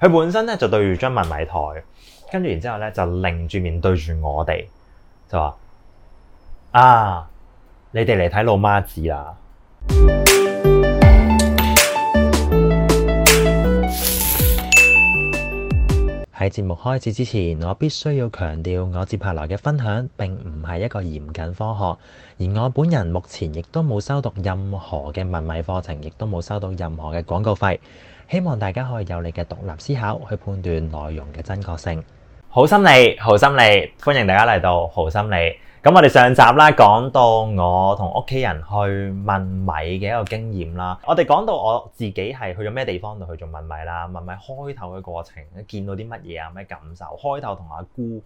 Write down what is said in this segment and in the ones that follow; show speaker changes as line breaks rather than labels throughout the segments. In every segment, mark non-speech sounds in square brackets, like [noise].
佢本身咧就對住張問米台，跟住然之後咧就擰住面對住我哋，就話：啊，你哋嚟睇老媽子啦！喺節目開始之前，我必須要強調，我接下來嘅分享並唔係一個嚴謹科學，而我本人目前亦都冇修讀任何嘅問米課程，亦都冇收到任何嘅廣告費。希望大家可以有你嘅獨立思考，去判斷內容嘅真確性。好心理，好心理，歡迎大家嚟到好心理。咁我哋上集啦，講到我同屋企人去問米嘅一個經驗啦。我哋講到我自己係去咗咩地方度去做問米啦？問米開頭嘅過程，見到啲乜嘢啊？咩感受？開頭同阿姑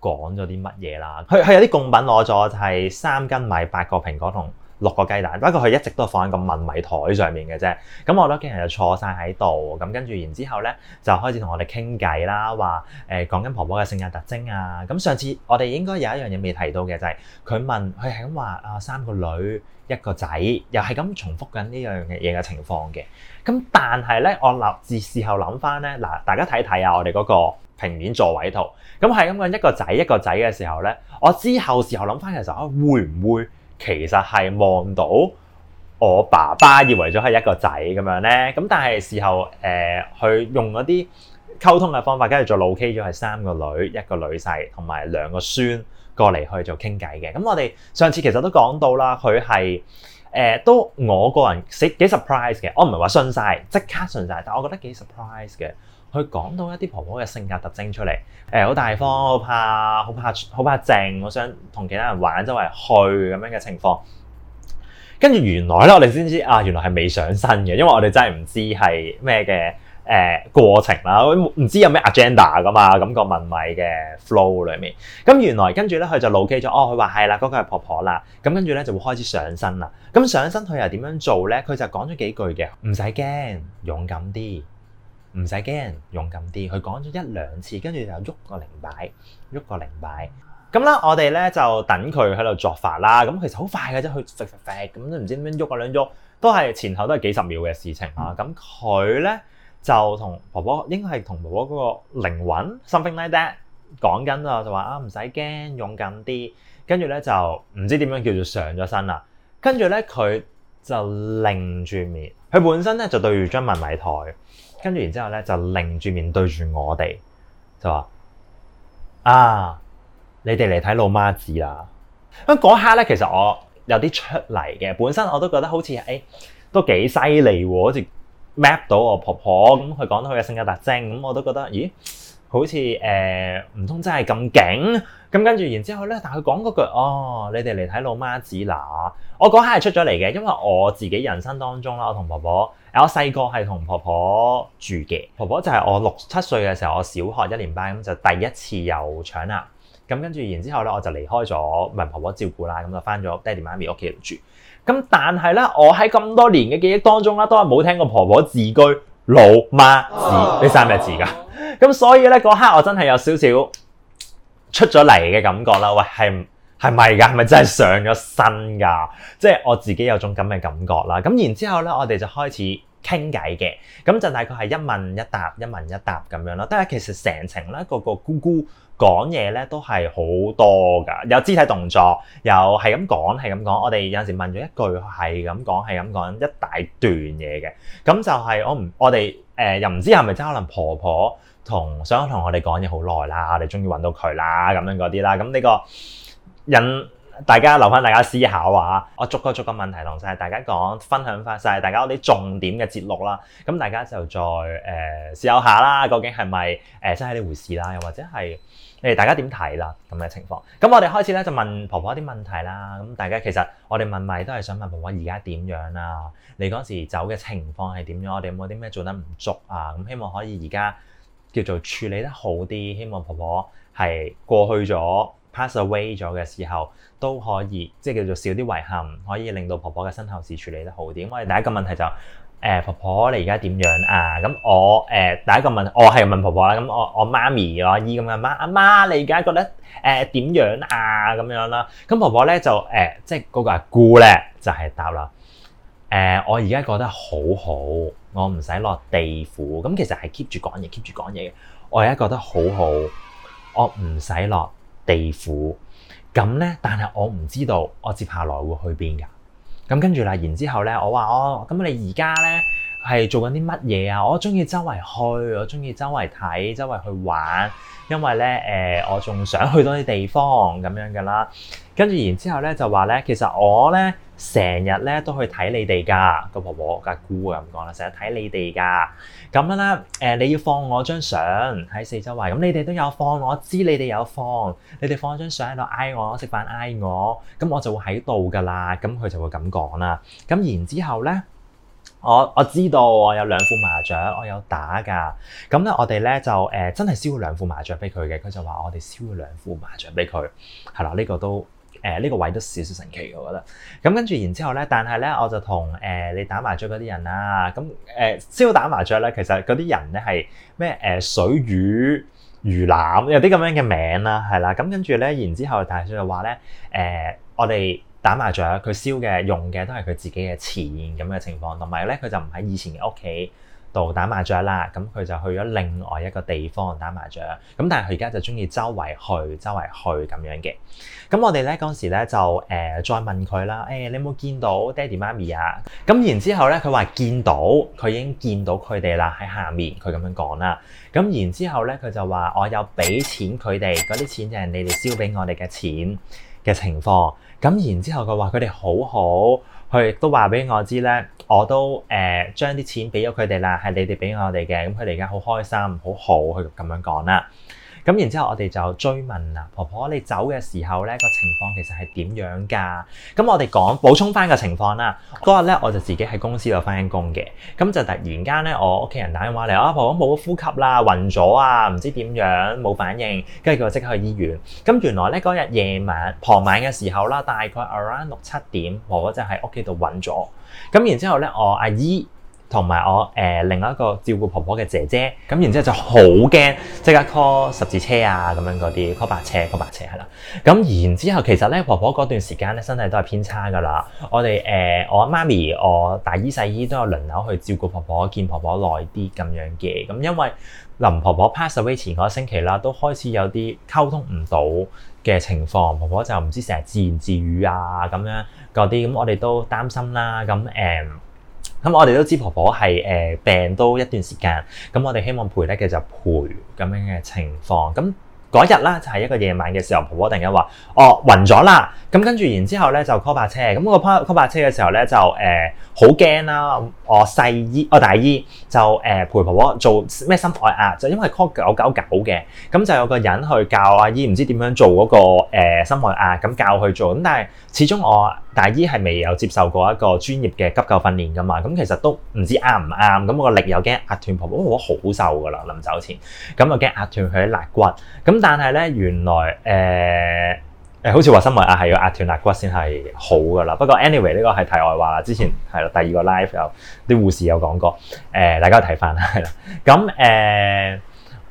講咗啲乜嘢啦？佢佢有啲供品攞咗，就係三斤米、八個蘋果同六個雞蛋，不過佢一直都放喺個問米台上面嘅啫。咁我咧，今人就坐晒喺度。咁跟住然之後咧，就開始同我哋傾偈啦，話誒講緊婆婆嘅性格特徵啊。咁上次我哋應該有一樣嘢未提到嘅就係、是、佢問，佢係咁話啊，三個女一個仔，又係咁重複緊呢樣嘢嘅情況嘅。咁但係咧，我立自事後諗翻咧，嗱，大家睇睇啊，我哋嗰個平面座位圖，咁係咁樣一個仔一個仔嘅時候咧，我之後事後諗翻嘅時候，我會唔會？其實係望到我爸爸以為咗係一個仔咁樣咧，咁但係時候誒去、呃、用嗰啲溝通嘅方法，跟住就 locate 咗係三個女、一個女婿同埋兩個孫過嚟去做傾偈嘅。咁、嗯、我哋上次其實都講到啦，佢係誒都我個人幾幾 surprise 嘅，我唔係話信晒，即刻信晒，但我覺得幾 surprise 嘅。佢講到一啲婆婆嘅性格特徵出嚟，誒、呃、好大方，好怕，好怕，好怕靜，我想同其他人玩，周圍去咁樣嘅情況。跟住原來咧，我哋先知啊，原來係未上身嘅，因為我哋真係唔知係咩嘅誒過程啦，唔知有咩 agenda 噶嘛，咁個問米嘅 flow 裏面。咁、嗯、原來跟住咧，佢就 locate 咗，哦，佢話係啦，嗰、那個係婆婆啦。咁跟住咧就會開始上身啦。咁、嗯、上身佢又點樣做咧？佢就講咗幾句嘅，唔使驚，勇敢啲。唔使驚，勇敢啲。佢講咗一兩次，跟住就喐個靈擺，喐個靈擺。咁咧，我哋咧就等佢喺度作法啦。咁其實好快嘅啫，佢劈劈劈咁，都唔知點樣喐啊，兩喐都係前後都係幾十秒嘅事情啊。咁佢咧就同婆婆，應該係同婆婆嗰個靈魂，something like that，講緊啊，就話啊唔使驚，勇敢啲。跟住咧就唔知點樣叫做上咗身啦。跟住咧佢就擰住面，佢本身咧就對住張問米台。跟住然之後咧，就擰住面對住我哋，就話：啊，你哋嚟睇老媽子啦！咁嗰刻咧，其實我有啲出嚟嘅。本身我都覺得好似誒、哎，都幾犀利喎，好似 map 到我婆婆咁。佢講、嗯嗯、到佢嘅性格特徵，咁我都覺得，咦，好似誒，唔、呃、通真係咁勁？咁跟住然之後咧，但係佢講嗰句：哦，你哋嚟睇老媽子啦！我嗰刻係出咗嚟嘅，因為我自己人生當中啦，我同婆婆。我細個係同婆婆住嘅，婆婆就係我六七歲嘅時候，我小學一年班咁就第一次有腸癌，咁跟住然之後咧，我就離開咗，唔係婆婆照顧啦，咁就翻咗爹哋媽咪屋企度住。咁但係咧，我喺咁多年嘅記憶當中咧，都係冇聽過婆婆自居老媽自、老媽子呢三隻字噶。咁所以咧，嗰刻我真係有少少出咗嚟嘅感覺啦，喂係。係咪噶？係咪真係上咗身噶？即係我自己有種咁嘅感覺啦。咁然之後咧，我哋就開始傾偈嘅。咁就大概係一問一答，一問一答咁樣啦。但係其實成程咧，個個姑姑講嘢咧都係好多噶，有肢體動作，又係咁講，係咁講。我哋有陣時問咗一句，係咁講，係咁講一大段嘢嘅。咁就係我唔，我哋誒又唔知係咪真係可能婆婆同想同我哋講嘢好耐啦，我哋終於揾到佢啦，咁樣嗰啲啦。咁呢個。引大家留翻大家思考啊！我逐個逐個問題同晒大家講，分享翻晒大家啲重點嘅節目啦。咁、嗯、大家就再誒思考下啦，究竟係咪誒真係呢回事啦？又或者係誒大家點睇啦？咁嘅情況。咁、嗯、我哋開始咧就問婆婆啲問題啦。咁、嗯、大家其實我哋問米都係想問婆婆而家點樣啊？你嗰時走嘅情況係點樣啊？我哋有冇啲咩做得唔足啊？咁、嗯、希望可以而家叫做處理得好啲。希望婆婆係過去咗，Pass away 咗嘅時候都可以，即係叫做少啲遺憾，可以令到婆婆嘅身後事處理得好啲。咁我哋第一個問題就誒、是呃、婆婆你而家點樣啊？咁我誒、呃、第一個問我係問婆婆啦。咁我我媽咪阿姨咁嘅媽阿媽，你而家覺得誒點、呃、樣啊？咁樣啦。咁婆婆咧就誒、呃，即係嗰個阿姑咧就係、是、答啦。誒、呃，我而家覺得好好，我唔使落地府。咁其實係 keep 住講嘢，keep 住講嘢。我而家覺得好好，我唔使落。地府咁咧，但係我唔知道我接下來會去邊㗎。咁跟住啦，然之後咧，我話哦，咁你而家咧係做緊啲乜嘢啊？我中意周圍去，我中意周圍睇，周圍去玩，因為咧誒、呃，我仲想去多啲地方咁樣㗎啦。跟住，然之後咧就話咧，其實我咧成日咧都去睇你哋噶，個婆婆個阿姑咁講啦，成日睇你哋噶。咁樣咧，誒、呃、你要放我張相喺四周圍，咁、嗯、你哋都有放，我知你哋有放，你哋放張相喺度挨我食飯挨我，咁我，我就會喺度噶啦。咁佢就會咁講啦。咁然之後咧，我我知道我有兩副麻雀，我有打㗎。咁咧我哋咧就誒、呃、真係燒咗兩副麻雀俾佢嘅，佢就話我哋燒咗兩副麻雀俾佢，係啦，呢、這個都。誒呢、呃這個位都少少神奇嘅，我覺得。咁跟住然之後咧，但係咧，我就同誒、呃、你打麻雀嗰啲人啦，咁誒燒打麻雀咧，其實嗰啲人咧係咩誒水魚魚腩有啲咁樣嘅名啦，係啦。咁跟住咧，然之後，后大叔就話咧，誒、呃、我哋打麻雀，佢燒嘅用嘅都係佢自己嘅錢咁嘅情況，同埋咧，佢就唔喺以前嘅屋企。度打麻雀啦，咁佢就去咗另外一個地方打麻雀，咁但係佢而家就中意周圍去，周圍去咁樣嘅。咁我哋咧嗰時咧就誒、呃、再問佢啦，誒、哎、你有冇見到爹哋媽咪啊？咁然之後咧，佢話見到，佢已經見到佢哋啦喺下面，佢咁樣講啦。咁然之後咧，佢就話我有俾錢佢哋，嗰啲錢就係你哋燒俾我哋嘅錢嘅情況。咁然之後佢話佢哋好好，佢亦都話俾我知咧。我都誒將啲錢俾咗佢哋啦，係你哋俾我哋嘅，咁佢哋而家好開心，好好去咁樣講啦。咁然之後，我哋就追問啊婆婆，你走嘅時候咧個情況其實係點樣㗎？咁我哋講補充翻個情況啦。嗰日咧，我就自己喺公司度翻工嘅，咁就突然間咧，我屋企人打電話嚟，啊婆婆冇呼吸啦，暈咗啊，唔知點樣冇反應，跟住佢即刻去醫院。咁原來咧嗰日夜晚傍晚嘅時候啦，大概 around 六七點，婆婆就喺屋企度暈咗。咁然之後咧，我阿姨，同埋我誒、呃、另外一個照顧婆婆嘅姐姐，咁然之後就好驚，即刻 call 十字車啊咁樣嗰啲 call 白車 call 白車係啦。咁然之後，後其實咧婆婆嗰段時間咧身體都係偏差㗎啦。我哋誒、呃、我媽咪我大姨細姨都有輪流去照顧婆婆，見婆婆耐啲咁樣嘅。咁因為林婆婆 pass away 前嗰星期啦，都開始有啲溝通唔到嘅情況，婆婆就唔知成日自言自語啊咁樣嗰啲，咁我哋都擔心啦。咁誒。嗯咁、嗯、我哋都知婆婆係、呃、病都一段時間，咁、嗯、我哋希望陪咧嘅就陪這的，咁樣嘅情況，嗰日啦，就係、是、一個夜晚嘅時候，婆婆突然間話：哦，暈咗啦！咁跟住，然之後咧就 call 白車。咁個 call c a 白車嘅時候咧，就誒好驚啦！我細姨，我大姨就誒、呃、陪婆婆做咩心外壓，就因為 call 九九九嘅，咁就有個人去教阿姨，唔知點樣做嗰、那個、呃、心外壓，咁教佢做。咁但係始終我大姨係未有接受過一個專業嘅急救訓練噶嘛，咁其實都唔知啱唔啱。咁個力又驚壓斷婆婆，婆婆好瘦噶啦，臨走前，咁又驚壓斷佢啲肋骨。咁但係咧，原來誒誒、呃，好似話心外壓係要壓斷肋骨先係好噶啦。不過 anyway 呢個係題外話啦。之前係啦，第二個 live 有啲護士有講過，誒、呃、大家睇翻啦。咁誒、嗯呃、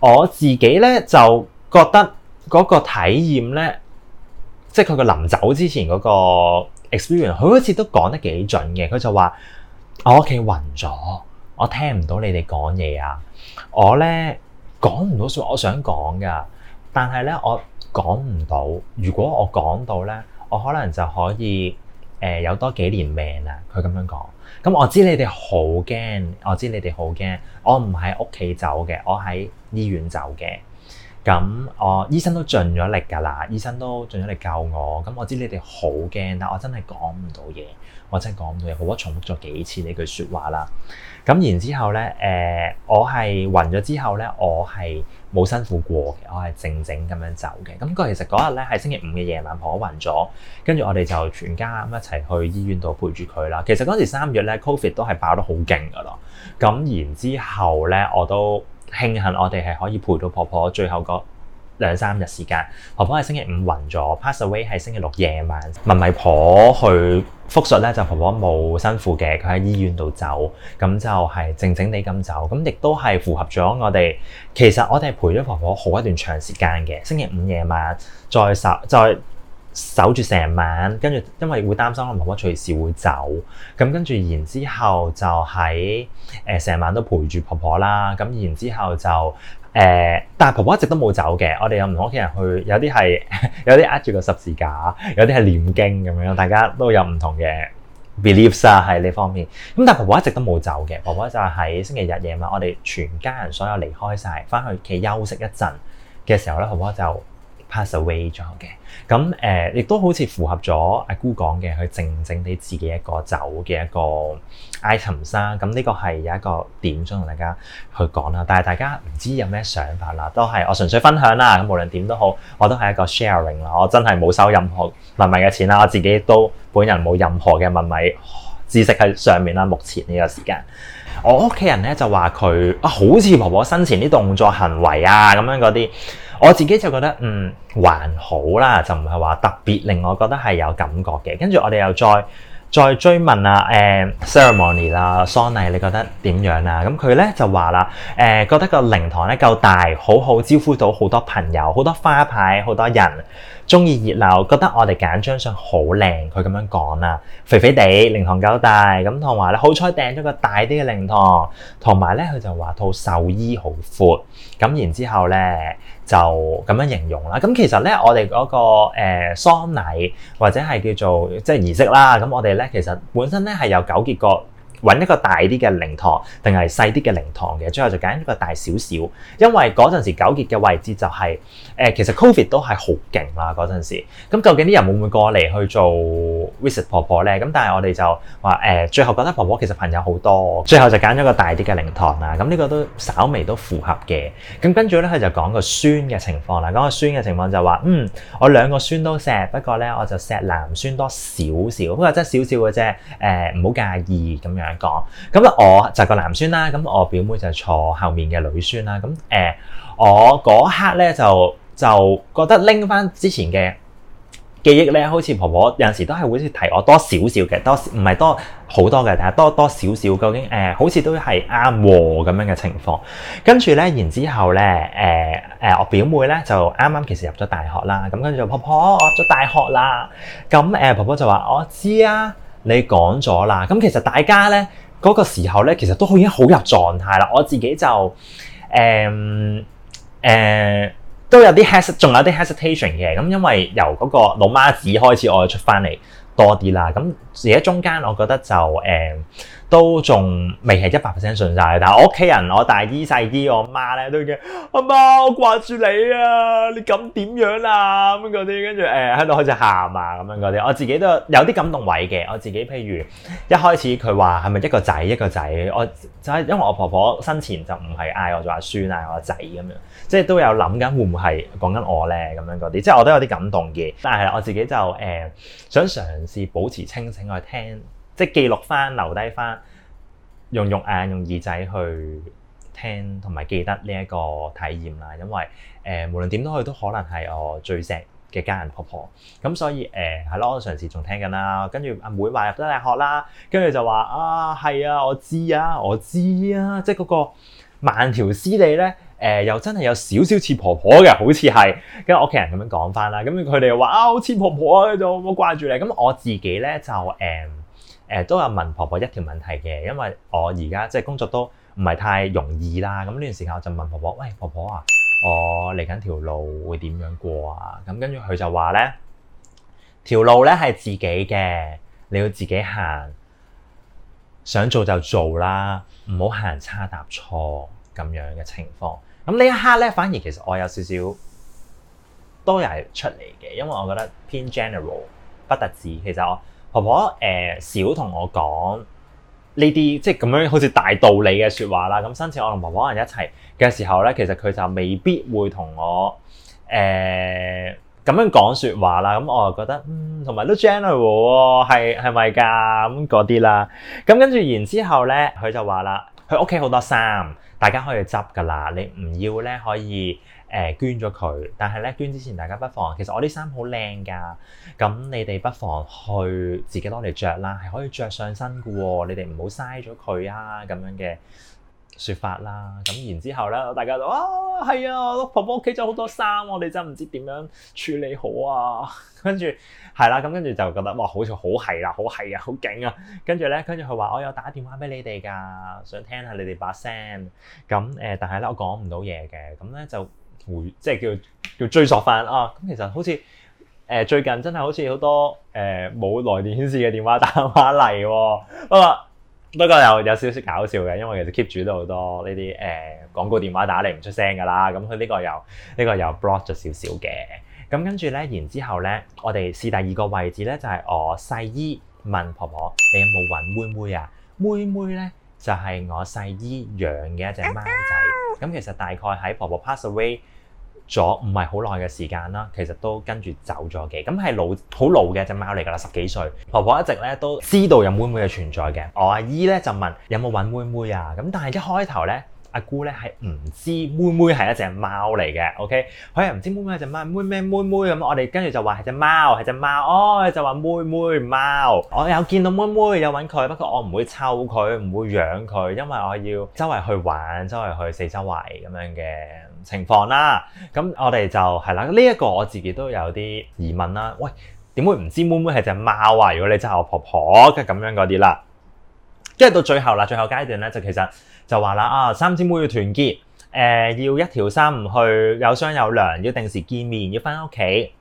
我自己咧就覺得嗰個體驗咧，即係佢個臨走之前嗰個 experience，佢好似都講得幾準嘅。佢就話我屋企暈咗，我聽唔到你哋講嘢啊，我咧講唔到說我想講噶。但係咧，我講唔到。如果我講到咧，我可能就可以誒有多幾年命啦。佢咁樣講。咁我知你哋好驚，我知你哋好驚。我唔喺屋企走嘅，我喺醫院走嘅。咁我醫生都盡咗力㗎啦，醫生都盡咗力救我。咁我知你哋好驚，但我真係講唔到嘢，我真係講唔到嘢。好，我重複咗幾次呢句說話啦。咁、呃、然之後咧，誒我係暈咗之後咧，我係冇辛苦過嘅，我係靜靜咁樣走嘅。咁佢其實嗰日咧係星期五嘅夜晚，婆暈咗，跟住我哋就全家一齊去醫院度陪住佢啦。其實嗰時三月咧，Covid 都係爆得好勁㗎咯。咁然之後咧，我都。慶幸我哋係可以陪到婆婆最後嗰兩三日時間，婆婆係星期五暈咗，pass away 係星期六夜晚，問米婆去復述呢就婆婆冇辛苦嘅，佢喺醫院度走，咁就係靜靜地咁走，咁亦都係符合咗我哋。其實我哋陪咗婆婆好一段長時間嘅，星期五夜晚再走再。守住成晚，跟住因為會擔心我婆婆隨時會走，咁跟住然之後就喺誒成晚都陪住婆婆啦，咁然之後就誒、呃，但係婆婆一直都冇走嘅。我哋有唔同屋企人去，有啲係有啲握住個十字架，有啲係念經咁樣，大家都有唔同嘅 beliefs 啊，喺呢方面。咁但係婆婆一直都冇走嘅，婆婆就喺星期日夜晚，我哋全家人所有離開晒，翻去屋企休息一陣嘅時候咧，婆婆就 pass away 咗嘅，咁誒，亦、呃、都好似符合咗阿姑講嘅，佢靜靜地自己一個走嘅一個 item 三、啊、咁呢、嗯、個係有一個點想同大家去講啦。但係大家唔知有咩想法啦，都係我純粹分享啦。咁無論點都好，我都係一個 sharing 啦。我真係冇收任何問米嘅錢啦，我自己都本人冇任何嘅問米知識喺上面啦。目前呢個時間。我屋企人咧就話佢啊，好似婆婆生前啲動作行為啊咁樣嗰啲，我自己就覺得嗯，還好啦，就唔係話特別令我覺得係有感覺嘅。跟住我哋又再。再追問啊，誒 ceremony 啦，eremony, 喪禮，你覺得點樣啊？咁佢咧就話啦，誒、呃、覺得個靈堂咧夠大，好好招呼到好多朋友，好多花牌，好多人中意熱鬧，覺得我哋揀張相好靚。佢咁樣講啦，肥肥地靈堂夠大，咁同埋咧好彩訂咗個大啲嘅靈堂，同埋咧佢就話套壽衣好闊，咁然之後咧。就咁樣形容啦。咁其實咧、那個，我哋嗰個誒喪禮或者係叫做即係儀式啦。咁我哋咧其實本身咧係有糾結過揾一個大啲嘅靈堂，定係細啲嘅靈堂嘅。最後就揀一個大少少，因為嗰陣時糾結嘅位置就係、是、誒、呃，其實 Covid 都係好勁啦嗰陣時。咁究竟啲人會唔會過嚟去做？visit 婆婆咧，咁但係我哋就話誒、欸，最後覺得婆婆其實朋友好多，最後就揀咗個大啲嘅靈堂啦。咁呢個都稍微都符合嘅。咁跟住咧，佢就講個孫嘅情況啦。講個孫嘅情況就話，嗯，我兩個孫都錫，不過咧我就錫男孫多少少、呃，不過真係少少嘅啫。誒，唔好介意咁樣講。咁啊，我就個男孫啦。咁我表妹就坐後面嘅女孫啦。咁誒、呃，我嗰刻咧就就覺得拎翻之前嘅。記憶咧，好似婆婆有陣時都係會好似提我多少少嘅，多唔係多好多嘅，但係多多少少，究竟誒、呃、好似都係啱咁樣嘅情況。跟住咧，然之後咧，誒、呃、誒，我表妹咧就啱啱其實入咗大學啦。咁跟住就婆婆，我入咗大學啦。咁、嗯、誒，婆婆就話我知啊，你講咗啦。咁、嗯、其實大家咧嗰、那個時候咧，其實都已經好入狀態啦。我自己就誒誒。呃呃都有啲 hesitate，仲有啲 hesitation 嘅，咁因為由嗰個老媽子開始，我就出翻嚟多啲啦，咁而喺中間，我覺得就誒。嗯都仲未係一百 percent 信晒，但係我屋企人，我大姨細姨，我媽咧都叫，阿媽我掛住你啊，你咁點樣啊？嗰啲跟住誒喺度開始喊啊，咁樣嗰啲，我自己都有啲感動位嘅。我自己譬如一開始佢話係咪一個仔一個仔，我就係、是、因為我婆婆生前就唔係嗌我做阿孫啊，我阿仔咁樣，即係都有諗緊會唔會係講緊我咧咁樣嗰啲，即係我都有啲感動嘅。但係我自己就誒、欸、想嘗試保持清醒去聽。即係記錄翻，留低翻，用肉眼、用耳仔去聽同埋記得呢一個體驗啦。因為誒、呃，無論點都去，都可能係我最錫嘅家人婆婆咁，所以誒係咯。我上次仲聽緊啦，跟住阿妹話入咗大學啦，跟住就話啊係啊，我知啊，我知啊。即係嗰個慢條斯理咧，誒、呃、又真係有少少似婆婆嘅，好似係跟住屋企人咁樣講翻啦，咁佢哋又話啊，好似婆婆啊，就好掛住你。咁我自己咧就誒。嗯誒、呃、都有問婆婆一條問題嘅，因為我而家即係工作都唔係太容易啦。咁呢段時間我就問婆婆：喂婆婆啊，我嚟緊條路會點樣過啊？咁跟住佢就話咧，條路咧係自己嘅，你要自己行，想做就做啦，唔好行差踏錯咁樣嘅情況。咁呢一刻咧，反而其實我有少少都係出嚟嘅，因為我覺得偏 general 不特止，其實我。婆婆誒、呃、少同我講呢啲即係咁樣好似大道理嘅説話啦。咁，生前我同婆婆人一齊嘅時候咧，其實佢就未必會同我誒咁、呃、樣講説話啦。咁我又覺得嗯，同埋都 gentle 係、哦、咪㗎咁嗰啲啦。咁跟住然之後咧，佢就話啦，佢屋企好多衫，大家可以執㗎啦。你唔要咧可以。誒捐咗佢，但係咧捐之前，大家不妨，其實我啲衫好靚噶，咁你哋不妨去自己攞嚟着啦，係可以着上身噶喎、哦，你哋唔好嘥咗佢啊咁樣嘅説法啦。咁然之後咧，大家都啊係啊，我婆婆屋企咗好多衫，我哋真唔知點樣處理好啊。 [laughs] 跟住係啦，咁、啊、跟住就覺得哇，好似好係啦，好係啊，好勁啊，啊。跟住咧，跟住佢話我有打電話俾你哋㗎，想聽下你哋把聲。咁誒、呃，但係咧我講唔到嘢嘅，咁咧就。即係叫叫追索翻啊！咁其實好似誒、呃、最近真係好似好多誒冇、呃、來電顯示嘅電話打電話嚟喎、哦。不過不過又有少少搞笑嘅，因為其實 keep 住都好多呢啲誒廣告電話打嚟唔出聲㗎啦。咁佢呢個又呢、呢個又 block 咗少少嘅。咁跟住咧，然之後咧，我哋試第二個位置咧，就係、係、我細姨問婆婆：你有冇揾妹妹啊？妹妹咧就係、係、我細姨養嘅一隻貓仔。咁其實大概喺婆婆 pass away 咗唔係好耐嘅時間啦，其實都跟住走咗嘅。咁係老好老嘅隻貓嚟㗎啦，十幾歲。婆婆一直咧都知道有妹妹嘅存在嘅。我阿姨咧就問有冇揾妹妹啊？咁但係一開頭咧，阿姑咧係唔知妹妹係一隻貓嚟嘅。OK，佢又唔知妹妹係隻貓，妹妹妹妹咁。我哋跟住就話係隻貓，係隻貓。哦，就話妹妹貓。我有見到妹妹，有揾佢，不過我唔會湊佢，唔會養佢，因為我要周圍去玩，周圍去四周圍咁樣嘅。情況啦，咁我哋就係啦。呢、這、一個我自己都有啲疑問啦。喂，點會唔知妹妹係隻貓啊？如果你真係我婆婆嘅咁樣嗰啲啦，跟住到最後啦，最後階段咧就其實就話啦啊，三姊妹要團結，誒、呃、要一條心去有商有量，要定時見面，要翻屋企，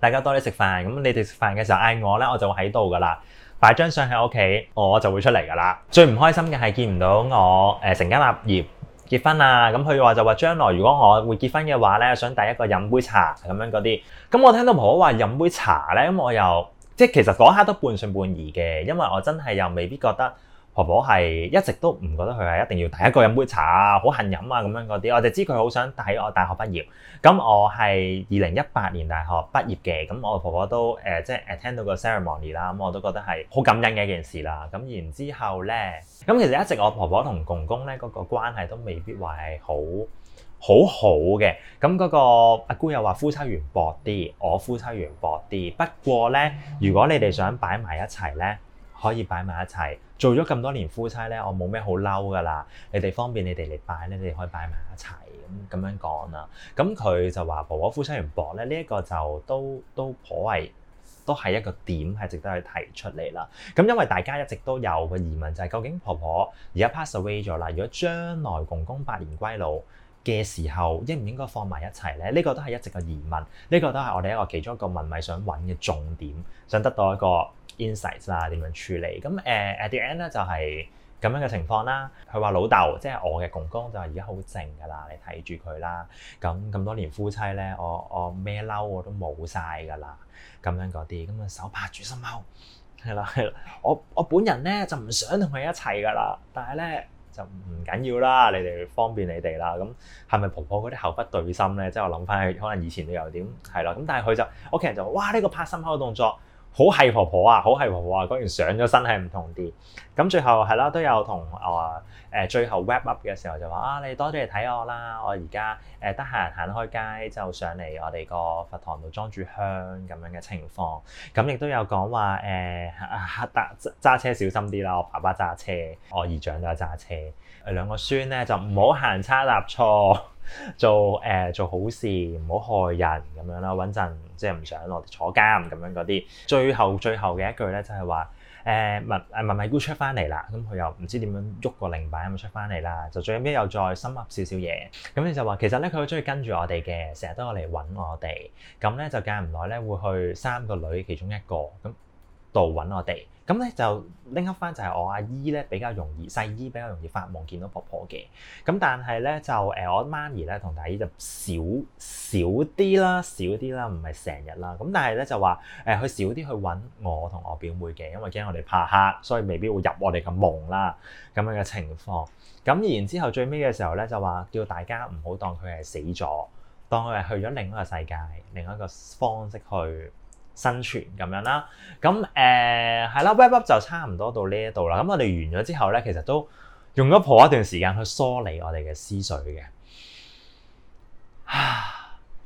大家多啲食飯。咁你哋食飯嘅時候嗌我咧，我就會喺度噶啦，擺張相喺屋企，我就會出嚟噶啦。最唔開心嘅係見唔到我誒、呃、成家立業。結婚啊，咁佢話就話將來如果我會結婚嘅話咧，想第一個飲杯茶咁樣嗰啲，咁我聽到婆婆話飲杯茶咧，咁我又即係其實嗰刻都半信半疑嘅，因為我真係又未必覺得婆婆係一直都唔覺得佢係一定要第一個飲杯茶飲啊，好恨飲啊咁樣嗰啲，我就知佢好想喺我大學畢業。咁我係二零一八年大學畢業嘅，咁我婆婆都誒、呃、即係 attend 到個 ceremony 啦，咁我都覺得係好感恩嘅一件事啦。咁然之後咧，咁其實一直我婆婆同公公咧嗰、那個關係都未必話係好，好好好嘅。咁、那、嗰個阿姑又話夫妻緣薄啲，我夫妻緣薄啲。不過咧，如果你哋想擺埋一齊咧。可以擺埋一齊，做咗咁多年夫妻咧，我冇咩好嬲噶啦。你哋方便你哋嚟擺咧，你哋可以擺埋一齊咁咁樣講啦。咁佢就話婆婆夫妻緣薄咧，呢、這、一個就都都頗為都係一個點，係值得去提出嚟啦。咁因為大家一直都有個疑問，就係、是、究竟婆婆而家 pass away 咗啦，如果將來公公百年歸老嘅時候，應唔應該放埋一齊咧？呢、這個都係一直嘅疑問，呢、這個都係我哋一個其中一個問米想揾嘅重點，想得到一個。Insights 啊點樣處理咁誒？At the end 咧就係、是、咁樣嘅情況啦。佢話老豆即係我嘅公公就係而家好靜㗎啦，你睇住佢啦。咁咁多年夫妻咧，我我咩嬲我都冇晒㗎啦。咁樣嗰啲咁啊手拍住心口。係啦係啦。我我本人咧就唔想同佢一齊㗎啦。但係咧就唔緊要啦，你哋方便你哋啦。咁係咪婆婆嗰啲口不對心咧？即係我諗翻去，可能以前都有點係啦。咁但係佢就屋企人就哇呢、這個拍心口嘅動作。好係婆婆啊，好係婆婆啊，果然上咗身係唔同啲。咁最後係啦，都有同誒誒最後 wrap up 嘅時候就話啊，你多啲嚟睇我啦。我而家誒得閒行開街就上嚟我哋個佛堂度裝住香咁樣嘅情況。咁亦都有講話誒得揸車小心啲啦。我爸爸揸車，我姨丈都係揸車。兩個孫咧就唔好行差踏錯。做誒、呃、做好事，唔好害人咁樣啦，穩陣，即係唔想我哋坐監咁樣嗰啲。最後最後嘅一句咧，就係話誒物誒咪咪姑出翻嚟啦，咁佢又唔知點樣喐個靈擺咁出翻嚟啦，就最屘又再深壓少少嘢，咁你就話其實咧佢好中意跟住我哋嘅，成日都有嚟揾我哋，咁咧就間唔耐咧會去三個女其中一個咁度揾我哋。咁咧就拎返翻就係我阿姨咧比較容易，細姨比較容易發夢見到婆婆嘅。咁但係咧就誒、呃、我媽咪咧同大姨就少少啲啦，少啲啦，唔係成日啦。咁但係咧就話誒佢少啲去揾我同我表妹嘅，因為驚我哋怕黑，所以未必會入我哋嘅夢啦咁樣嘅情況。咁然之後最尾嘅時候咧就話叫大家唔好當佢係死咗，當佢係去咗另一個世界，另一個方式去生存咁樣、呃、啦，咁誒係啦 wrap up 就差唔多到呢一度啦。咁我哋完咗之後咧，其實都用咗頗一段時間去梳理我哋嘅思緒嘅，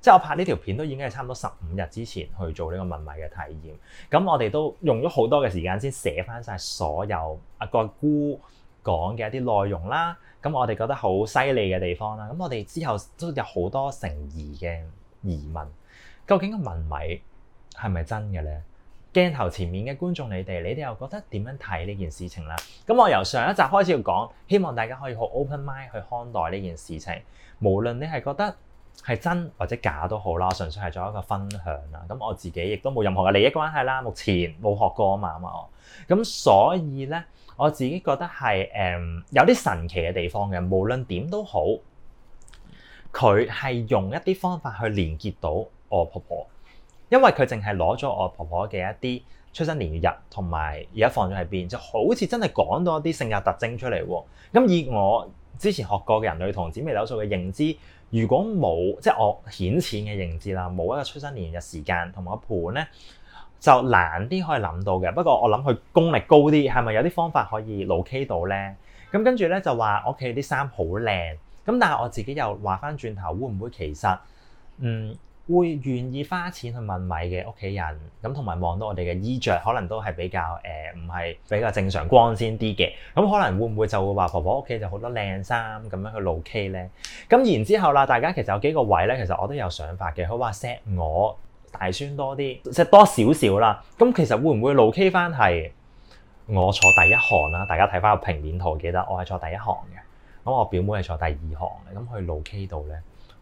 即係我拍呢條片都已經係差唔多十五日之前去做呢個問米嘅體驗。咁我哋都用咗好多嘅時間先寫翻晒所有阿個姑講嘅一啲內容啦。咁我哋覺得好犀利嘅地方啦，咁我哋之後都有好多誠疑嘅疑問，究竟個問米……係咪真嘅咧？鏡頭前面嘅觀眾你，你哋，你哋又覺得點樣睇呢件事情啦？咁我由上一集開始要講，希望大家可以好 open mind 去看待呢件事情。無論你係覺得係真或者假都好啦，純粹係做一個分享啦。咁我自己亦都冇任何嘅利益關係啦，目前冇學過啊嘛，咁所以呢，我自己覺得係誒、嗯、有啲神奇嘅地方嘅。無論點都好，佢係用一啲方法去連結到我婆婆。因為佢淨係攞咗我婆婆嘅一啲出生年月日，同埋而家放咗喺邊，就好似真係講到一啲性格特徵出嚟喎。咁、嗯、以我之前學過嘅人類同紫微斗數嘅認知，如果冇即係我顯淺嘅認知啦，冇一個出生年月時間同埋個盤咧，就難啲可以諗到嘅。不過我諗佢功力高啲，係咪有啲方法可以 locate 到咧？咁、嗯、跟住咧就話我屋企啲衫好靚，咁但係我自己又話翻轉頭，會唔會其實嗯？會願意花錢去問米嘅屋企人，咁同埋望到我哋嘅衣着可能都係比較誒，唔係比較正常光鮮啲嘅。咁可能會唔會就會話婆婆屋企就好多靚衫咁樣去露 K 呢？咁然之後啦，大家其實有幾個位呢，其實我都有想法嘅。佢話 set 我大孫多啲 set 多少少啦。咁其實會唔會露 K 翻係我坐第一行啦、啊？大家睇翻個平面圖，記得我係坐第一行嘅。咁我表妹係坐第二行嘅，咁去露 K 度呢。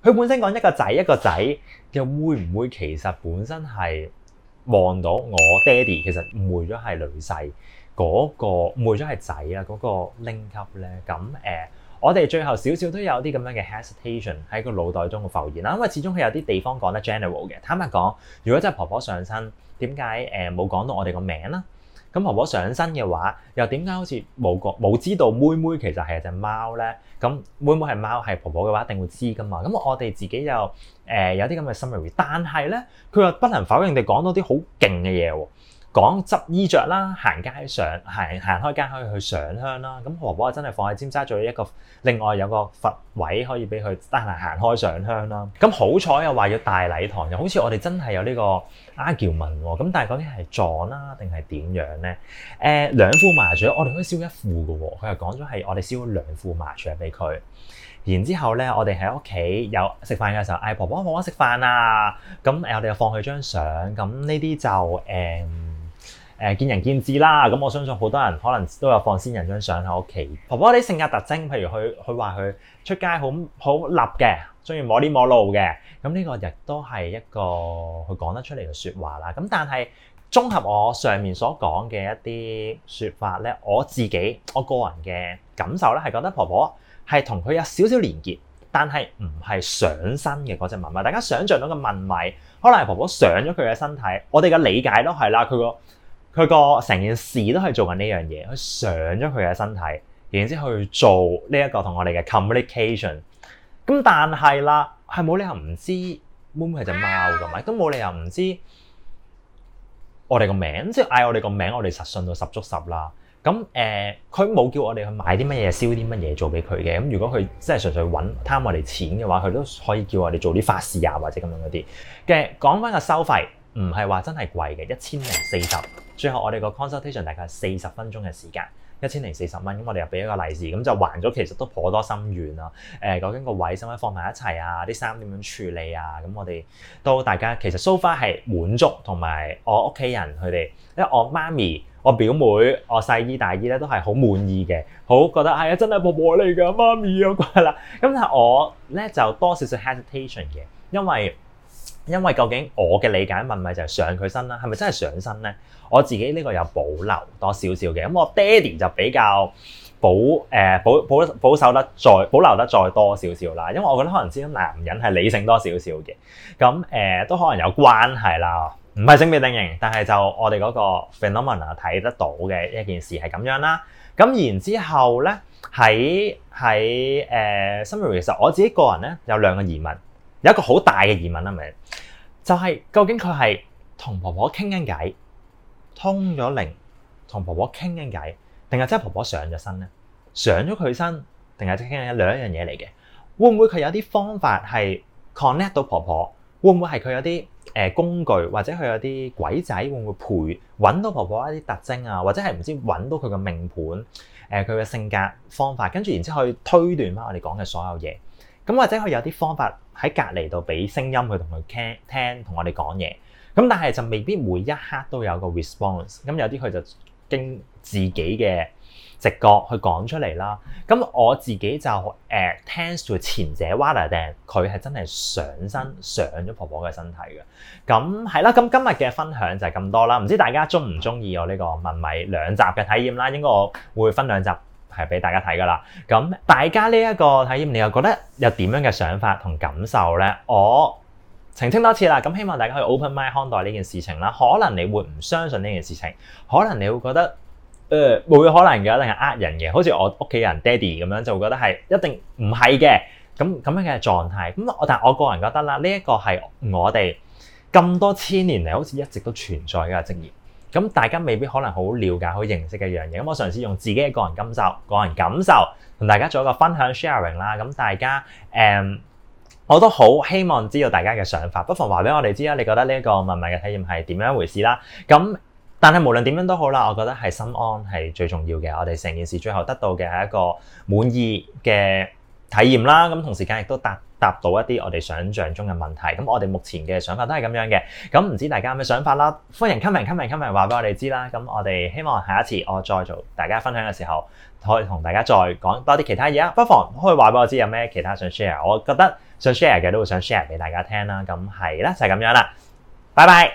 佢本身講一個仔一個仔，又會唔會其實本身係望到我爹哋，其實誤會咗係女婿嗰、那個誤會咗係仔啦，嗰、那個 link up 咧。咁誒、呃，我哋最後少少都有啲咁樣嘅 hesitation 喺個腦袋中嘅浮現啦。因為始終佢有啲地方講得 general 嘅。坦白講，如果真係婆婆上身，點解誒冇講到我哋個名啦？咁婆婆上身嘅話，又點解好似冇覺冇知道妹妹其實係一隻貓咧？咁妹妹係貓，係婆婆嘅話，一定會知㗎嘛。咁我哋自己又誒、呃、有啲咁嘅心 i 但係咧佢又不能否認地講到啲好勁嘅嘢喎。講執衣着啦，行街上行行開街可以去上香啦。咁婆婆啊，真係放喺尖沙咀一個另外有個佛位可以俾佢得閒行開上香啦。咁好彩又話要大禮堂，又好似我哋真係有個 argument，呢個阿喬文喎。咁但係究竟係撞啦定係點樣咧？誒兩副麻雀，我哋可以燒一副噶喎。佢又講咗係我哋燒咗兩副麻雀俾佢。然之後咧，我哋喺屋企有食飯嘅時候嗌，婆婆婆婆食飯啊。咁誒我哋又放佢張相，咁呢啲就誒。呃誒見仁見智啦，咁我相信好多人可能都有放先人張相喺屋企。婆婆啲性格特徵，譬如佢佢話佢出街好好立嘅，中意摸呢摸路嘅，咁呢個亦都係一個佢講得出嚟嘅説話啦。咁但係綜合我上面所講嘅一啲説法咧，我自己我個人嘅感受咧係覺得婆婆係同佢有少少連結，但係唔係上身嘅嗰隻問米。大家想像到嘅問米可能係婆婆上咗佢嘅身體，我哋嘅理解都係啦，佢個。佢個成件事都係做緊呢樣嘢，佢上咗佢嘅身體，然之後去做呢一個同我哋嘅 communication。咁但係啦，係冇理由唔知妹妹係隻貓噶嘛，咁冇理由唔知我哋個名，即係嗌我哋個名，我哋實信到十足十啦。咁誒，佢、呃、冇叫我哋去買啲乜嘢、燒啲乜嘢做俾佢嘅。咁如果佢真係純粹揾貪我哋錢嘅話，佢都可以叫我哋做啲法事啊，或者咁樣嗰啲嘅。講返個收費。唔係話真係貴嘅，一千零四十。最後我哋個 consultation 大概四十分鐘嘅時間，一千零四十蚊。咁我哋又俾一個利是，咁就還咗，其實都頗多心願咯、啊。誒、欸，究竟個位，使咪放埋一齊啊，啲衫點樣處理啊？咁我哋都大家其實 so far 係滿足同埋我屋企人佢哋，因為我媽咪、我表妹、我細姨、大姨咧都係好滿意嘅，好覺得係啊、哎，真係婆婆嚟㗎，媽咪好乖啦。咁但係我咧就多少少 hesitation 嘅，因為。因為究竟我嘅理解問咪就係上佢身啦，係咪真係上身咧？我自己呢個有保留多少少嘅，咁、嗯、我爹哋就比較保誒、呃、保保保守得再保留得再多少少啦。因為我覺得可能先男人係理性多少少嘅，咁、嗯、誒、呃、都可能有關係啦。唔係性別定型，但係就我哋嗰個 phenomenon 睇得到嘅一件事係咁樣啦。咁、嗯嗯嗯、然之後咧，喺喺誒、呃、summary，其實我自己個人咧有兩個疑問。有一個好大嘅疑問啦，咪？就係、是、究竟佢係同婆婆傾緊偈，通咗靈，同婆婆傾緊偈，定係即係婆婆上咗身咧？上咗佢身，定係即係兩樣嘢嚟嘅？會唔會佢有啲方法係 connect 到婆婆？會唔會係佢有啲誒工具，或者佢有啲鬼仔？會唔會陪揾到婆婆一啲特徵啊？或者係唔知揾到佢個命盤？誒，佢嘅性格方法，跟住然之後去推斷翻我哋講嘅所有嘢。咁或者佢有啲方法喺隔離度俾聲音佢同佢聽聽同我哋講嘢，咁但係就未必每一刻都有個 response。咁有啲佢就經自己嘅直覺去講出嚟啦。咁我自己就誒 tends to 前者 w a t e 佢係真係上身上咗婆婆嘅身體嘅。咁係啦，咁今日嘅分享就係咁多啦。唔知大家鍾唔鍾意我呢個問米兩集嘅體驗啦？應該我會分兩集。係俾大家睇噶啦，咁大家呢一個體驗，你又覺得有點樣嘅想法同感受咧？我澄清多次啦，咁希望大家去 open mind 看待呢件事情啦。可能你會唔相信呢件事情，可能你會覺得誒冇、呃、可能嘅，定係呃人嘅，好似我屋企人爹哋咁樣，就會覺得係一定唔係嘅。咁咁樣嘅狀態，咁我但我個人覺得啦，呢一個係我哋咁多千年嚟，好似一直都存在嘅職業。咁大家未必可能好了解、好認識嘅一樣嘢，咁我嘗試用自己嘅個人感受、個人感受同大家做一個分享 sharing 啦。咁大家誒、嗯，我都好希望知道大家嘅想法，不妨話俾我哋知啦。你覺得呢一個問米嘅體驗係點樣一回事啦？咁但係無論點樣都好啦，我覺得係心安係最重要嘅。我哋成件事最後得到嘅係一個滿意嘅體驗啦。咁同時間亦都達。答到一啲我哋想象中嘅問題，咁我哋目前嘅想法都係咁樣嘅，咁唔知大家有咩想法啦？歡迎 comment，comment，comment，話俾我哋知啦。咁我哋希望下一次我再做大家分享嘅時候，可以同大家再講多啲其他嘢啊。不妨可以話俾我知有咩其他想 share，我覺得想 share 嘅都會想 share 俾大家聽啦。咁係啦，就係咁樣啦，拜拜。